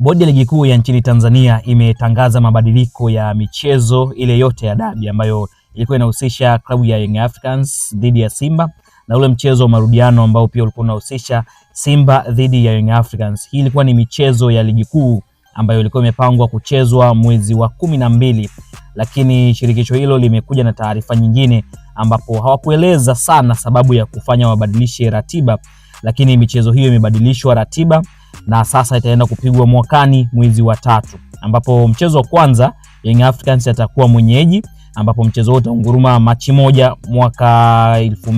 Bodi ya Ligi Kuu ya nchini Tanzania imetangaza mabadiliko ya michezo ile yote ya dabi ambayo ilikuwa inahusisha klabu ya Young Africans dhidi ya Simba na ule mchezo wa marudiano ambao pia ulikuwa unahusisha Simba dhidi ya Young Africans. Hii ilikuwa ni michezo ya Ligi Kuu ambayo ilikuwa imepangwa kuchezwa mwezi wa kumi na mbili, lakini shirikisho hilo limekuja na taarifa nyingine ambapo hawakueleza sana sababu ya kufanya wabadilishe ratiba, lakini michezo hiyo imebadilishwa ratiba na sasa itaenda kupigwa mwakani mwezi wa tatu, ambapo mchezo wa kwanza Young Africans atakuwa mwenyeji, ambapo mchezo huo utaunguruma Machi moja mwaka elfu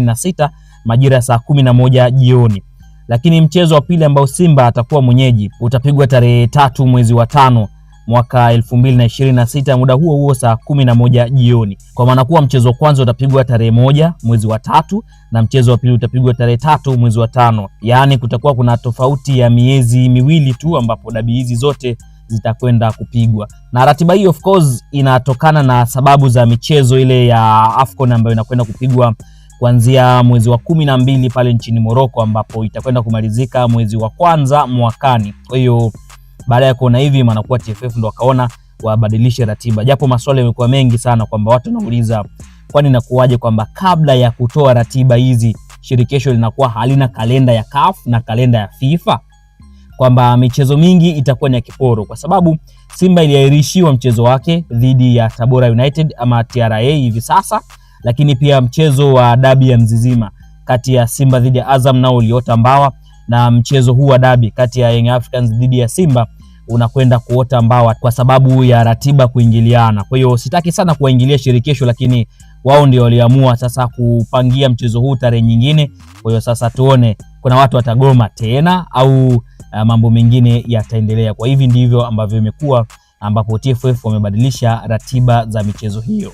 na majira ya saa kumi na moja jioni. Lakini mchezo wa pili ambao Simba atakuwa mwenyeji utapigwa tarehe tatu mwezi wa tano mwaka 2026 muda huo huo saa 11 jioni, kwa maana kuwa mchezo wa kwanza utapigwa tarehe moja mwezi wa tatu na mchezo wa pili utapigwa tarehe tatu mwezi wa tano. Yaani kutakuwa kuna tofauti ya miezi miwili tu ambapo dabi hizi zote zitakwenda kupigwa na ratiba hii of course inatokana na sababu za michezo ile ya AFCON ambayo inakwenda kupigwa kuanzia mwezi wa kumi na mbili pale nchini Morocco ambapo itakwenda kumalizika mwezi wa kwanza mwakani. Kwa hiyo baada ya kuona hivi, manakuwa TFF ndo wakaona wabadilishe ratiba, japo maswali yamekuwa mengi sana kwamba watu wanauliza kwani inakuwaje kwamba kabla ya kutoa ratiba hizi shirikisho linakuwa halina kalenda ya CAF na kalenda ya FIFA, kwamba michezo mingi itakuwa ni ya kiporo, kwa sababu Simba iliahirishiwa mchezo wake dhidi ya Tabora United ama TRA hivi sasa, lakini pia mchezo wa dabi ya Mzizima kati ya Simba dhidi ya Azam nao uliota mbawa na mchezo huu wa dabi kati ya Young Africans dhidi ya Simba unakwenda kuota mbawa kwa sababu ya ratiba kuingiliana. Kwa hiyo sitaki sana kuwaingilia shirikisho, lakini wao ndio waliamua sasa kupangia mchezo huu tarehe nyingine. Kwa hiyo sasa tuone kuna watu watagoma tena au uh, mambo mengine yataendelea. Kwa hivi ndivyo ambavyo imekuwa ambapo TFF wamebadilisha ratiba za michezo hiyo.